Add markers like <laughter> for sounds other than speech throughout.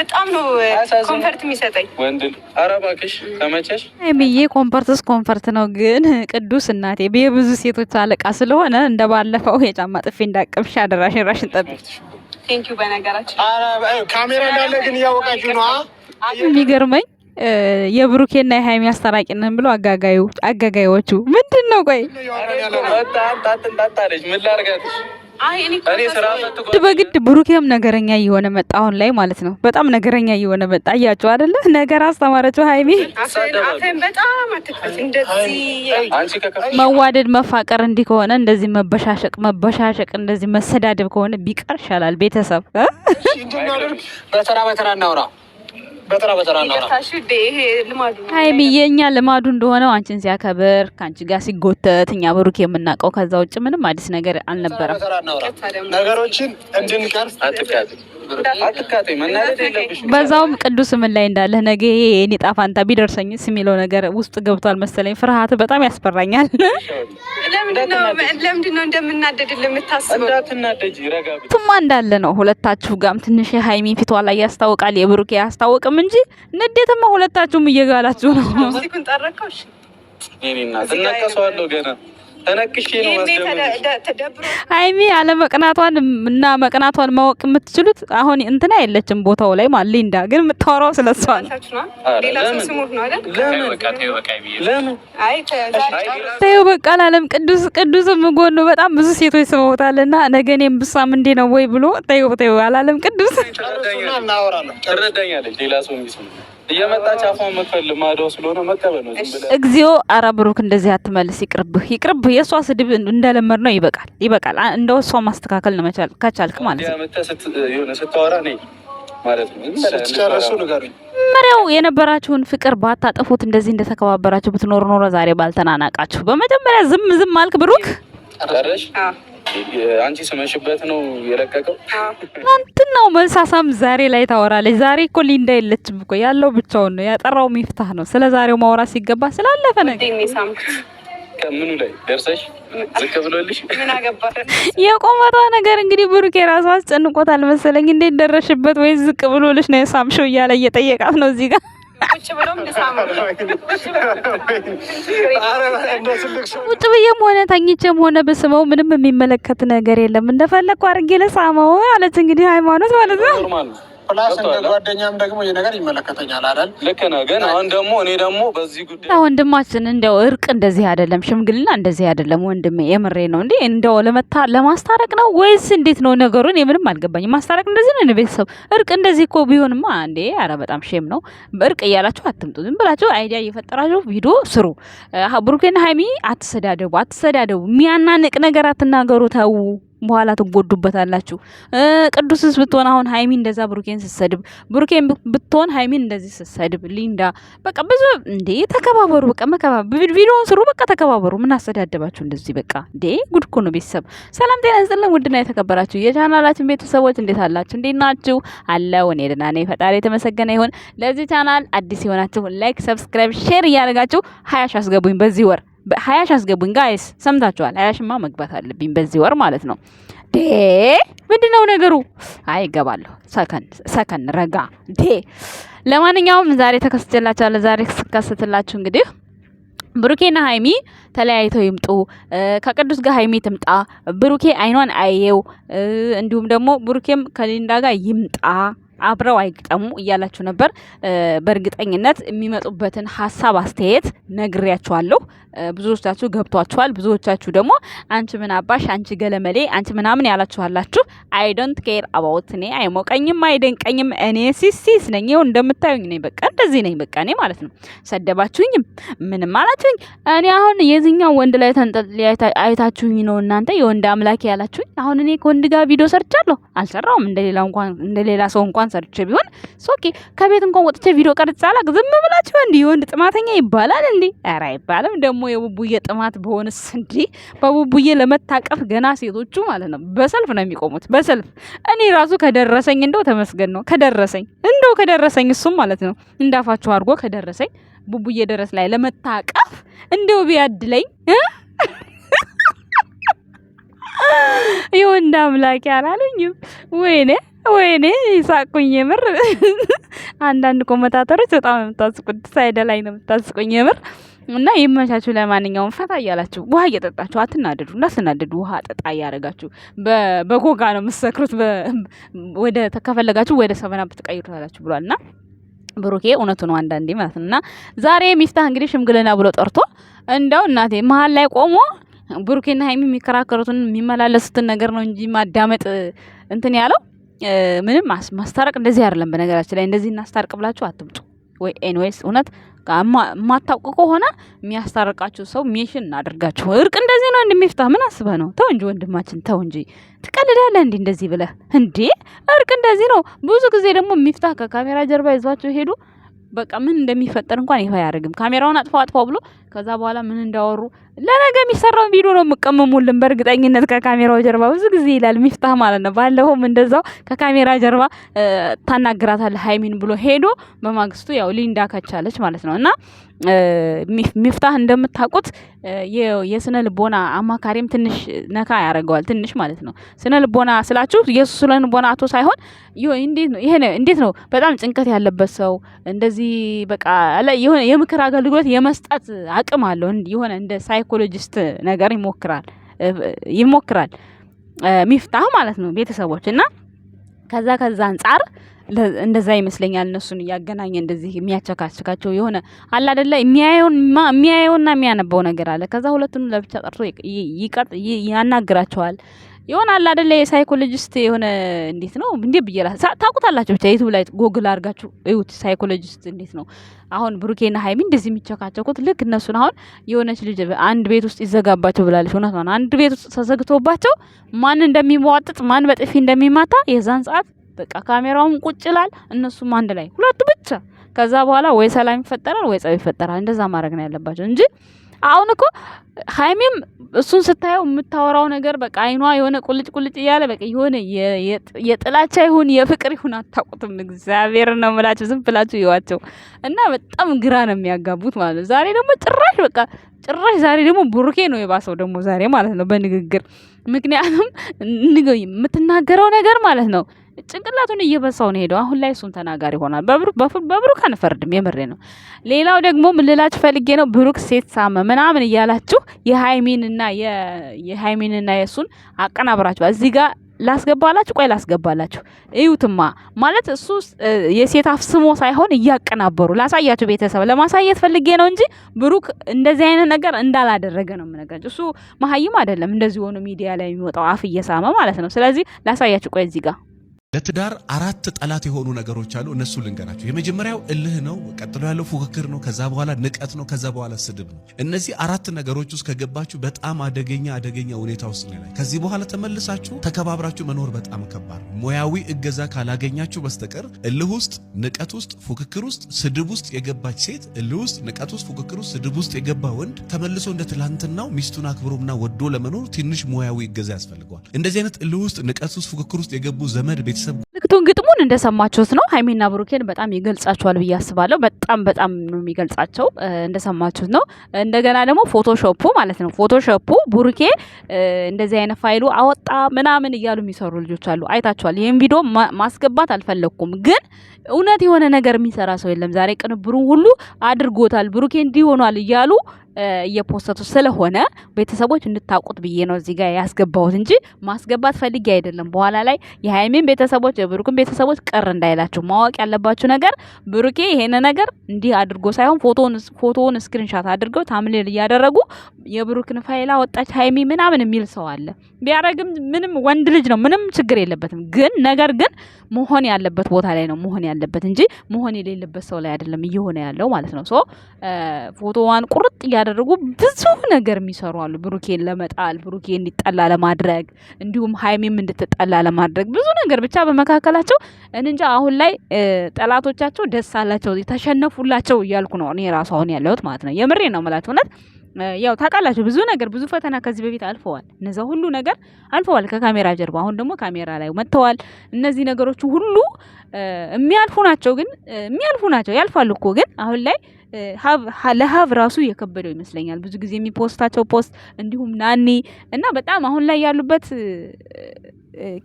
በጣም ኮንፈርት ኮንፈርትስ ኮንፈርት ነው። ግን ቅዱስ እናቴ የብዙ ሴቶች አለቃ ስለሆነ እንደ ባለፈው የጫማ ጥፊ እንዳቀምሽ አደራሽ ራሽን ጠብቅ። በነገራችን ካሜራ እንዳለ ግን እያወቃችሁ ነው የሚገርመኝ የብሩኬና የሀይሚ አስታራቂንን ብሎ አጋጋዩ አጋጋዮቹ ምንድን ነው? ቆይ በግድ ብሩኬም ነገረኛ እየሆነ መጣ፣ አሁን ላይ ማለት ነው። በጣም ነገረኛ እየሆነ መጣ። እያችሁ አይደለ? ነገር አስተማረችው ሀይሚ። መዋደድ መፋቀር እንዲህ ከሆነ እንደዚህ መበሻሸቅ መበሻሸቅ እንደዚህ መሰዳደብ ከሆነ ቢቀር ይሻላል። ቤተሰብ በተራ በተራ እናውራ በተራ በተራ ሀይሚዬ እኛ ልማዱ እንደሆነው አንቺን ሲያከብር ከአንቺ ጋር ሲጎተት እኛ ብሩክ የምናውቀው ከዛ ውጭ ምንም አዲስ ነገር አልነበረም። ነገሮችን እንድንቀርፍ በዛውም ቅዱስ ምን ላይ እንዳለ ነገ የኔ ዕጣ ፋንታ ቢደርሰኝስ የሚለው ነገር ውስጥ ገብቷል መሰለኝ። ፍርሃት በጣም ያስፈራኛል። ለምንድነው እንደምናደድል የምታስበው? ቱማ እንዳለ ነው ሁለታችሁ ጋም ትንሽ የሀይሚ ፊቷ ላይ ያስታውቃል፣ የብሩኬ አያስታውቅም እንጂ ንዴትማ ሁለታችሁም እየጋላችሁ ነው። አይሚ አለመቅናቷን እና መቅናቷን ማወቅ የምትችሉት አሁን እንትና የለችም ቦታው ላይ ማለት ሊንዳ ግን የምታወራው ስለሷ ነው። በቃ ለአለም ቅዱስ ቅዱስም ጎኑ በጣም ብዙ ሴቶች ስመውታል እና ነገ እኔም ብሳም እንዴ ነው ወይ ብሎ ተይው ተይው አላለም ቅዱስ እየመጣች አፏን መክፈል ማዶ ስለሆነ መቀበል ነው። እግዚኦ! ኧረ ብሩክ እንደዚህ አትመልስ፣ ይቅርብህ፣ ይቅርብህ። የእሷ ስድብ እንደለመድ ነው። ይበቃል፣ ይበቃል። እንደ እሷ ማስተካከል ነው መቻል ከቻልክ ማለት ነው። ስታወራ እኔ ማለት የነበራችሁን ፍቅር ባታጠፉት እንደዚህ እንደተከባበራችሁ ብትኖር ኖሮ ዛሬ ባልተናናቃችሁ። በመጀመሪያ ዝም ዝም አልክ ብሩክ። አንቺ ስመሽበት ነው የለቀቀው። ነው መሳሳም ዛሬ ላይ ታወራለች። ዛሬ እኮ ሊንዳ የለችም እኮ ያለው ብቻውን ነው ያጠራው ሚፍታህ ነው። ስለ ዛሬው ማውራት ሲገባ ስላለፈ ነገር ከምኑ ላይ ደርሰሽ ዝቅ ብሎልሽ የቆመቷ ነገር እንግዲህ ብሩኬ ራሱ አስጨንቆታል መሰለኝ። እንዴት ደረሽበት ወይ ዝቅ ብሎልሽ ነው የሳምሽው እያለ እየጠየቃት ነው እዚህ ጋር ውጭ ብዬም ሆነ ተኝቼም ሆነ በስመው ምንም የሚመለከት ነገር የለም። እንደፈለግኩ አድርጌ ለሳመው አለች። እንግዲህ ሃይማኖት ማለት ነው። ፕላስ እንደ ጓደኛም ደግሞ ይህ ነገር ይመለከተኛል አይደል? ልክ ነህ። ግን አሁን ደግሞ እኔ ደግሞ በዚህ ጉዳይ ወንድማችን እንደው እርቅ እንደዚህ አይደለም፣ ሽምግልና እንደዚህ አይደለም ወንድሜ፣ የምሬ ነው እንዴ። እንደው ለመታ ለማስታረቅ ነው ወይስ እንዴት ነው ነገሩን? የምንም አልገባኝ። ማስታረቅ እንደዚህ ነው ቤተሰብ? እርቅ እንደዚህ እኮ ቢሆንማ እንዴ! አረ በጣም ሼም ነው። እርቅ እያላችሁ አትምጡ። ዝም ብላችሁ አይዲያ እየፈጠራችሁ ቪዲዮ ስሩ። ብሩኬን ሀይሚ አትሰዳደቡ፣ አትሰዳደቡ። የሚያናንቅ ነገር አትናገሩ። ተዉ በኋላ ትጎዱበታላችሁ። ቅዱስስ ብትሆን አሁን ሀይሚ እንደዛ ብሩኬን ስሰድብ፣ ብሩኬን ብትሆን ሀይሚን እንደዚህ ስሰድብ፣ ሊንዳ በቃ ብዙ እንዴ ተከባበሩ። በቃ መከባ ቪዲዮውን ስሩ። በቃ ተከባበሩ። ምን አስተዳደባችሁ እንደዚህ? በቃ እንዴ ጉድ እኮ ነው። ቤተሰብ ሰላም ጤና ይስጥልን። ውድና የተከበራችሁ የቻናላችን ቤተሰቦች እንዴት አላችሁ? እንዴት ናችሁ? አለው እኔ ደህና ነኝ፣ ፈጣሪ የተመሰገነ ይሁን። ለዚህ ቻናል አዲስ የሆናችሁ ላይክ፣ ሰብስክራይብ፣ ሼር እያደረጋችሁ ሀያ አስገቡኝ በዚህ ወር ሀያ ሺ አስገቡኝ ጋይስ ሰምታችኋል። ሀያ መግባት አለብኝ በዚህ ወር ማለት ነው። ዴ ምንድነው ነገሩ? አይ ይገባለሁ ሰከን ሰከን ረጋ ዴ ለማንኛውም ዛሬ ተከስቼላችኋለሁ። ዛሬ ስከስትላችሁ እንግዲህ ብሩኬና ሀይሚ ተለያይተው ይምጡ፣ ከቅዱስ ጋር ሀይሚ ትምጣ፣ ብሩኬ አይኗን አየው፣ እንዲሁም ደግሞ ብሩኬም ከሊንዳ ጋር ይምጣ አብረው አይግጠሙ እያላችሁ ነበር። በእርግጠኝነት የሚመጡበትን ሀሳብ አስተያየት ነግሬያችኋለሁ። ብዙዎቻችሁ ገብቷችኋል። ብዙዎቻችሁ ደግሞ አንቺ ምን አባሽ፣ አንቺ ገለመሌ፣ አንቺ ምናምን ያላችኋላችሁ። አይ ዶንት ኬር አባውት እኔ አይሞቀኝም፣ አይደንቀኝም። እኔ ሲሲስ ነኝ። ይኸው እንደምታዩኝ ነኝ። በቃ እንደዚህ ነኝ። በቃ እኔ ማለት ነው። ሰደባችሁኝም ምንም አላችሁኝ። እኔ አሁን የዚህኛው ወንድ ላይ ተንጠል አይታችሁኝ ነው እናንተ የወንድ አምላኪ ያላችሁኝ። አሁን እኔ ከወንድ ጋር ቪዲዮ ሰርቻለሁ አልሰራውም እንደሌላ ሰው እንኳን ስራን ሰርቼ ቢሆን ሶኬ ከቤት እንኳን ወጥቼ ቪዲዮ ቀርጬ አላቅ። ዝም ብላችሁ እንዲ የወንድ ጥማተኛ ይባላል እንዲ? ኧረ አይባልም። ደግሞ የቡቡዬ ጥማት በሆንስ እንዲ በቡቡዬ ለመታቀፍ ገና ሴቶቹ ማለት ነው በሰልፍ ነው የሚቆሙት። በሰልፍ እኔ ራሱ ከደረሰኝ እንደው ተመስገን ነው። ከደረሰኝ እንደው ከደረሰኝ እሱም ማለት ነው እንዳፋችሁ አድርጎ ከደረሰኝ ቡቡዬ ደረስ ላይ ለመታቀፍ እንደው ቢያድለኝ ይሁን <laughs> እንዳምላክ አላለኝም። ወይኔ ወይኔ ይሳቁኝ። የምር አንዳንድ ኮመታተሮች በጣም ነው የምታስቁት። ሳይደ ላይ ነው የምታስቁኝ የምር እና ይመቻችሁ። ለማንኛውም ፈታ እያላችሁ ውሃ እየጠጣችሁ አትናደዱ። እንዳትናደዱ ውሃ ጠጣ እያደረጋችሁ በጎጋ ነው የምትሰክሩት። ወደ ከፈለጋችሁ ወደ ሰበና ብትቀይሩታላችሁ ብሏል እና ብሩኬ እውነቱ ነው አንዳንዴ ማለት ነው። እና ዛሬ ሚስታ እንግዲህ ሽምግልና ብሎ ጠርቶ እንደው እናቴ መሀል ላይ ቆሞ ብሩኬና ሀይሚ የሚከራከሩትን የሚመላለሱትን ነገር ነው እንጂ ማዳመጥ እንትን ያለው ምንም ማስታረቅ እንደዚህ አይደለም። በነገራችን ላይ እንደዚህ እናስታርቅ ብላችሁ አትምጡ። ወይ ኤንዌይስ እውነት የማታውቁ ከሆነ የሚያስታርቃችሁ ሰው ሜሽን እናደርጋችሁ። እርቅ እንደዚህ ነው እንደሚፍታ ምን አስበህ ነው? ተው እንጂ ወንድማችን፣ ተው እንጂ ትቀልዳለህ። እንዲ እንደዚህ ብለህ እንዴ! እርቅ እንደዚህ ነው። ብዙ ጊዜ ደግሞ የሚፍታ ከካሜራ ጀርባ ይዟቸው ሄዱ። በቃ ምን እንደሚፈጠር እንኳን ይፋ አያደርግም። ካሜራውን አጥፋው አጥፋው ብሎ ከዛ በኋላ ምን እንዳወሩ ለነገ የሚሰራውን ቪዲዮ ነው የምቀመሙልን በእርግጠኝነት ከካሜራው ጀርባ ብዙ ጊዜ ይላል ሚፍታህ ማለት ነው። ባለፈውም እንደዛው ከካሜራ ጀርባ ታናግራታለህ ሀይሚን ብሎ ሄዶ በማግስቱ ያው ሊንዳ ከቻለች ማለት ነው እና ሚፍታህ እንደምታውቁት የስነ ልቦና አማካሪም ትንሽ ነካ ያደርገዋል። ትንሽ ማለት ነው ስነ ልቦና ስላችሁ የሱ ስነ ልቦና አቶ ሳይሆን እንዴት ነው በጣም ጭንቀት ያለበት ሰው እንደዚህ በቃ የምክር አገልግሎት የመስጠት አቅም አለው የሆነ እንደ ሳይ ሳይኮሎጂስት ነገር ይሞክራል ይሞክራል ሚፍታህ ማለት ነው ቤተሰቦች እና ከዛ ከዛ አንጻር እንደዛ ይመስለኛል እነሱን እያገናኘ እንደዚህ የሚያቸካቸካቸው የሆነ አለ አደለ የሚያየውና የሚያነባው ነገር አለ። ከዛ ሁለቱን ለብቻ ጠርቶ ያናግራቸዋል። ይሆናል አይደለ? የሳይኮሎጂስት የሆነ እንዴት ነው እንዴ ብዬላ ታውቁታላችሁ። ብቻ ዩቲዩብ ላይ ጎግል አድርጋችሁ እዩት። ሳይኮሎጂስት እንዴት ነው አሁን ብሩኬና ሃይሚ እንደዚህ የሚቸካቸኩት? ልክ እነሱን አሁን የሆነች ልጅ አንድ ቤት ውስጥ ይዘጋባቸው ብላለች። እውነት ነው። አንድ ቤት ውስጥ ተዘግቶባቸው ማን እንደሚሟጥጥ ማን በጥፊ እንደሚማታ የዛን ሰዓት በቃ ካሜራውም ቁጭ ይላል፣ እነሱም አንድ ላይ ሁለቱ ብቻ። ከዛ በኋላ ወይ ሰላም ይፈጠራል ወይ ጸብ ይፈጠራል። እንደዛ ማድረግ ነው ያለባቸው እንጂ አሁን እኮ ሀይሚም እሱን ስታየው የምታወራው ነገር በቃ አይኗ የሆነ ቁልጭ ቁልጭ እያለ በቃ የሆነ የጥላቻ ይሁን የፍቅር ይሁን አታውቁትም። እግዚአብሔር ነው ምላቸው። ዝም ብላችሁ ይዋቸው እና በጣም ግራ ነው የሚያጋቡት ማለት ነው። ዛሬ ደግሞ ጭራሽ በቃ ጭራሽ ዛሬ ደግሞ ቡሩኬ ነው የባሰው ደግሞ ዛሬ ማለት ነው በንግግር ምክንያቱም የምትናገረው ነገር ማለት ነው ጭንቅላቱን እየበሳው ነው ሄደው። አሁን ላይ እሱም ተናጋሪ ሆኗል። በብሩክ አንፈርድም፣ የምሬ ነው። ሌላው ደግሞ ምን ፈልጌ ነው ብሩክ ሴት ሳመ ምናምን እያላችሁ የሃይሚንና የሃይሚንና የእሱን አቀናብራችሁ እዚህ ጋር ላስገባላችሁ ቆይ ላስገባላችሁ። እዩትማ ማለት እሱ የሴት አፍ ስሞ ሳይሆን እያቀናበሩ ላሳያችሁ፣ ቤተሰብ ለማሳየት ፈልጌ ነው እንጂ ብሩክ እንደዚህ አይነት ነገር እንዳላደረገ ነው የምነግራችሁ። እሱ መሀይም አይደለም እንደዚህ ሆኖ ሚዲያ ላይ የሚወጣው አፍ እየሳመ ማለት ነው። ስለዚህ ላሳያችሁ ቆይ እዚህ ጋር ለትዳር አራት ጠላት የሆኑ ነገሮች አሉ። እነሱ ልንገራቸው። የመጀመሪያው እልህ ነው። ቀጥሎ ያለው ፉክክር ነው። ከዛ በኋላ ንቀት ነው። ከዛ በኋላ ስድብ ነው። እነዚህ አራት ነገሮች ውስጥ ከገባችሁ በጣም አደገኛ አደገኛ ሁኔታ ውስጥ ላይ ከዚህ በኋላ ተመልሳችሁ ተከባብራችሁ መኖር በጣም ከባድ ነው። ሙያዊ እገዛ ካላገኛችሁ በስተቀር እልህ ውስጥ፣ ንቀት ውስጥ፣ ፉክክር ውስጥ፣ ስድብ ውስጥ የገባች ሴት፣ እልህ ውስጥ፣ ንቀት ውስጥ፣ ፉክክር ውስጥ፣ ስድብ ውስጥ የገባ ወንድ ተመልሶ እንደ ትላንትናው ሚስቱን አክብሮና ወዶ ለመኖር ትንሽ ሙያዊ እገዛ ያስፈልገዋል። እንደዚህ አይነት እልህ ውስጥ፣ ንቀት ውስጥ፣ ፉክክር ውስጥ የገቡ ዘመድ ቤት የትክቱን ግጥሙን እንደሰማችሁት ነው። ሀይሜና ብሩኬን በጣም ይገልጻቸዋል ብዬ አስባለሁ። በጣም በጣም ነው የሚገልጻቸው እንደሰማችሁት ነው። እንደገና ደግሞ ፎቶሾፑ ማለት ነው። ፎቶሾፑ ብሩኬ እንደዚህ አይነት ፋይሉ አወጣ ምናምን እያሉ የሚሰሩ ልጆች አሉ። አይታችኋል። ይህም ቪዲዮ ማስገባት አልፈለግኩም፣ ግን እውነት የሆነ ነገር የሚሰራ ሰው የለም። ዛሬ ቅንብሩን ሁሉ አድርጎታል፣ ብሩኬ እንዲህ ሆኗል እያሉ እየፖስተቱ ስለሆነ ቤተሰቦች እንድታውቁት ብዬ ነው እዚህ ጋር ያስገባሁት እንጂ ማስገባት ፈልጌ አይደለም። በኋላ ላይ የሀይሜን ቤተሰቦች የብሩክን ቤተሰቦች ቅር እንዳይላችሁ ማወቅ ያለባችሁ ነገር ብሩኬ ይሄን ነገር እንዲህ አድርጎ ሳይሆን ፎቶውን ስክሪንሻት አድርገው ታምሌል እያደረጉ የብሩክን ፋይል አወጣች ሀይሚ ምናምን የሚል ሰው አለ። ቢያረግም ምንም ወንድ ልጅ ነው፣ ምንም ችግር የለበትም። ግን ነገር ግን መሆን ያለበት ቦታ ላይ ነው መሆን ያለበት እንጂ መሆን የሌለበት ሰው ላይ አይደለም እየሆነ ያለው ማለት ነው። ፎቶዋን ቁርጥ እያደረጉ ብዙ ነገር የሚሰሩ አሉ። ብሩኬን ለመጣል ብሩኬ እንዲጠላ ለማድረግ እንዲሁም ሀይሜም እንድትጠላ ለማድረግ ብዙ ነገር ብቻ በመካከላቸው እንንጃ። አሁን ላይ ጠላቶቻቸው ደስ አላቸው፣ ተሸነፉላቸው እያልኩ ነው እኔ ራሱ አሁን ያለሁት ማለት ነው። የምሬ ነው የምላቸው እውነት ያው ታውቃላችሁ፣ ብዙ ነገር ብዙ ፈተና ከዚህ በፊት አልፈዋል። እነዛ ሁሉ ነገር አልፈዋል ከካሜራ ጀርባ። አሁን ደግሞ ካሜራ ላይ መጥተዋል። እነዚህ ነገሮች ሁሉ የሚያልፉ ናቸው፣ ግን የሚያልፉ ናቸው፣ ያልፋሉ እኮ ግን አሁን ላይ ለሀብ ራሱ የከበደው ይመስለኛል። ብዙ ጊዜ የሚፖስታቸው ፖስት እንዲሁም ናኒ እና በጣም አሁን ላይ ያሉበት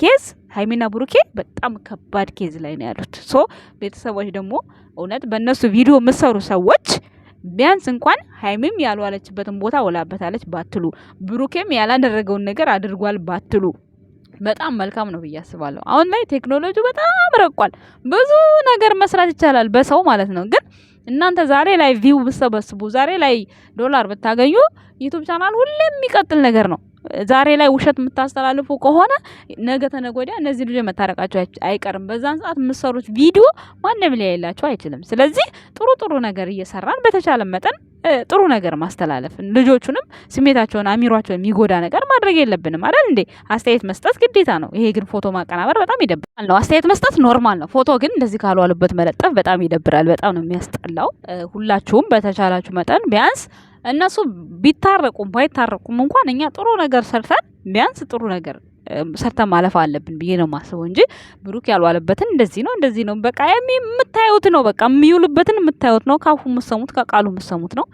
ኬዝ ሀይሚና ብሩኬ በጣም ከባድ ኬዝ ላይ ነው ያሉት። ሶ ቤተሰቦች ደግሞ እውነት በእነሱ ቪዲዮ የምሰሩ ሰዎች ቢያንስ እንኳን ሀይሚም ያልዋለችበትን ቦታ ወላበታለች ባትሉ፣ ብሩኬም ያላደረገውን ነገር አድርጓል ባትሉ በጣም መልካም ነው ብዬ አስባለሁ። አሁን ላይ ቴክኖሎጂ በጣም ረቋል። ብዙ ነገር መስራት ይቻላል በሰው ማለት ነው። ግን እናንተ ዛሬ ላይ ቪው ብሰበስቡ፣ ዛሬ ላይ ዶላር ብታገኙ ዩቱብ ቻናል ሁሌም የሚቀጥል ነገር ነው። ዛሬ ላይ ውሸት የምታስተላልፉ ከሆነ ነገ ተነገ እነዚህ ልጆች መታረቃቸው አይቀርም። በዛን ሰዓት የምሰሩት ቪዲዮ ማንም ሊያይላቸው አይችልም። ስለዚህ ጥሩ ጥሩ ነገር እየሰራን በተቻለ መጠን ጥሩ ነገር ማስተላለፍ ልጆቹንም ስሜታቸውን አሚሯቸውን የሚጎዳ ነገር ማድረግ የለብንም አይደል እንዴ? አስተያየት መስጠት ግዴታ ነው። ይሄ ግን ፎቶ ማቀናበር በጣም ይደብራል ነው። አስተያየት መስጠት ኖርማል ነው። ፎቶ ግን እንደዚህ ካልዋሉበት መለጠፍ በጣም ይደብራል። በጣም ነው የሚያስጠላው። ሁላችሁም በተቻላችሁ መጠን ቢያንስ እነሱ ቢታረቁም ባይታረቁም እንኳን እኛ ጥሩ ነገር ሰርተን ቢያንስ ጥሩ ነገር ሰርተን ማለፍ አለብን ብዬ ነው ማስበው እንጂ ብሩክ ያልዋለበትን እንደዚህ ነው እንደዚህ ነው በቃ የምታዩት ነው በቃ የሚውልበትን የምታዩት ነው። ካፉ የምሰሙት ከቃሉ የምሰሙት ነው።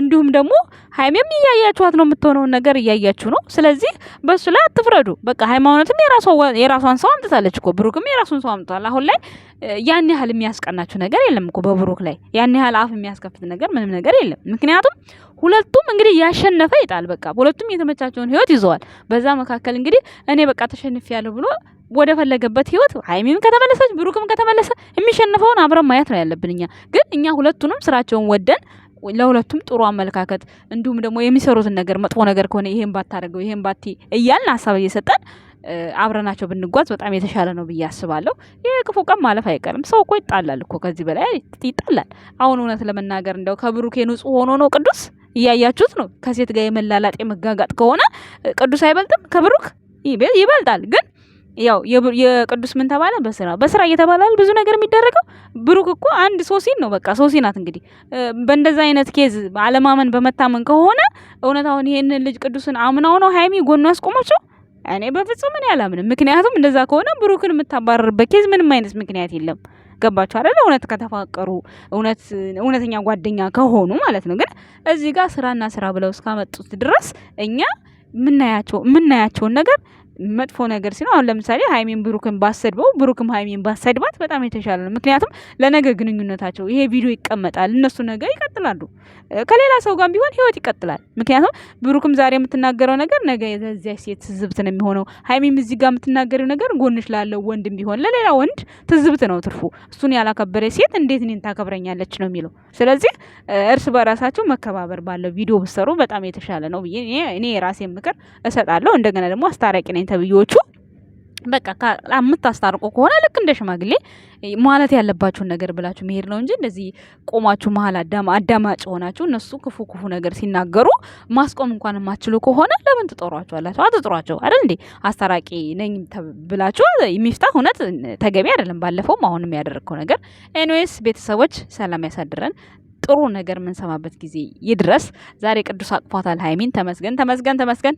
እንዲሁም ደግሞ ሀይሜም እያያችኋት ነው የምትሆነውን ነገር እያያችሁ ነው። ስለዚህ በሱ ላይ አትፍረዱ። በቃ ሃይማኖትም የራሷን ሰው አምጥታለች እኮ ብሩክም የራሱን ሰው አምጥቷል። አሁን ላይ ያን ያህል የሚያስቀናችሁ ነገር የለም እኮ በብሩክ ላይ ያን ያህል አፍ የሚያስከፍት ነገር ምንም ነገር የለም። ምክንያቱም ሁለቱም እንግዲህ ያሸነፈ ይጣል። በቃ ሁለቱም የተመቻቸውን ህይወት ይዘዋል። በዛ መካከል እንግዲህ እኔ በቃ ተሸንፍ ያለሁ ብሎ ወደ ፈለገበት ህይወት ሀይሚም ከተመለሰች ብሩክም ከተመለሰ የሚሸንፈውን አብረን ማየት ነው ያለብን። እኛ ግን እኛ ሁለቱንም ስራቸውን ወደን ለሁለቱም ጥሩ አመለካከት እንዲሁም ደግሞ የሚሰሩትን ነገር መጥፎ ነገር ከሆነ ይሄን ባታደርገው ይሄን ባቲ እያልን ሀሳብ እየሰጠን አብረናቸው ብንጓዝ በጣም የተሻለ ነው ብዬ አስባለሁ። ይህ ክፉ ቀን ማለፍ አይቀርም። ሰው እኮ ይጣላል እኮ ከዚህ በላይ ይጣላል። አሁን እውነት ለመናገር እንደው ከብሩኬ ንጹህ ሆኖ ነው ቅዱስ እያያችሁት ነው። ከሴት ጋር የመላላጥ የመጋጋጥ ከሆነ ቅዱስ አይበልጥም ከብሩክ ይበልጣል ግን ያው የቅዱስ ምን ተባለ? በስራ በስራ እየተባላል ብዙ ነገር የሚደረገው ብሩክ እኮ አንድ ሶሲን ነው። በቃ ሶሲ ናት። እንግዲህ በእንደዛ አይነት ኬዝ አለማመን በመታመን ከሆነ እውነት አሁን ይህንን ልጅ ቅዱስን አምናው ነው ሀይሚ ጎኑ ያስቆመችው። እኔ በፍጹም እኔ አላምንም። ምክንያቱም እንደዛ ከሆነ ብሩክን የምታባረርበት ኬዝ ምንም አይነት ምክንያት የለም። ገባችሁ አይደለ? እውነት ከተፋቀሩ እውነተኛ ጓደኛ ከሆኑ ማለት ነው። ግን እዚህ ጋር ስራና ስራ ብለው እስካመጡት ድረስ እኛ ምናያቸው ምናያቸውን ነገር መጥፎ ነገር ሲሆን አሁን ለምሳሌ ሀይሜን ብሩክን ባሰድበው ብሩክም ሀይሜን ባሰድባት በጣም የተሻለ ነው። ምክንያቱም ለነገ ግንኙነታቸው ይሄ ቪዲዮ ይቀመጣል። እነሱ ነገ ይቀጥላሉ። ከሌላ ሰው ጋር ቢሆን ህይወት ይቀጥላል። ምክንያቱም ብሩክም ዛሬ የምትናገረው ነገር ነገ የዚያ ሴት ትዝብት ነው የሚሆነው። ሀይሜም እዚህ ጋር የምትናገረው ነገር ጎንሽ ላለው ወንድም ቢሆን ለሌላ ወንድ ትዝብት ነው ትርፉ። እሱን ያላከበረ ሴት እንዴት እኔን ታከብረኛለች ነው የሚለው። ስለዚህ እርስ በራሳቸው መከባበር ባለው ቪዲዮ ብሰሩ በጣም የተሻለ ነው ብዬ እኔ ራሴ ምክር እሰጣለሁ። እንደገና ደግሞ አስታራቂ ነኝ አስታርቁኝ ተብዬዎቹ በቃ የምታስታርቁ ከሆነ ልክ እንደ ሽማግሌ ማለት ያለባችሁን ነገር ብላችሁ መሄድ ነው እንጂ እንደዚህ ቆማችሁ መሀል አዳማጭ ሆናችሁ እነሱ ክፉ ክፉ ነገር ሲናገሩ ማስቆም እንኳን የማትችሉ ከሆነ ለምን ትጦሯቸዋላችሁ? አትጥሯቸው አይደል እንዴ? አስታራቂ ነኝ ብላችሁ የሚፍታ እውነት ተገቢ አይደለም። ባለፈውም አሁንም ያደረግከው ነገር። ኤኒዌይስ ቤተሰቦች ሰላም ያሳድረን። ጥሩ ነገር የምንሰማበት ጊዜ ይድረስ። ዛሬ ቅዱስ አቅፏታል ሀይሚን። ተመስገን ተመስገን ተመስገን።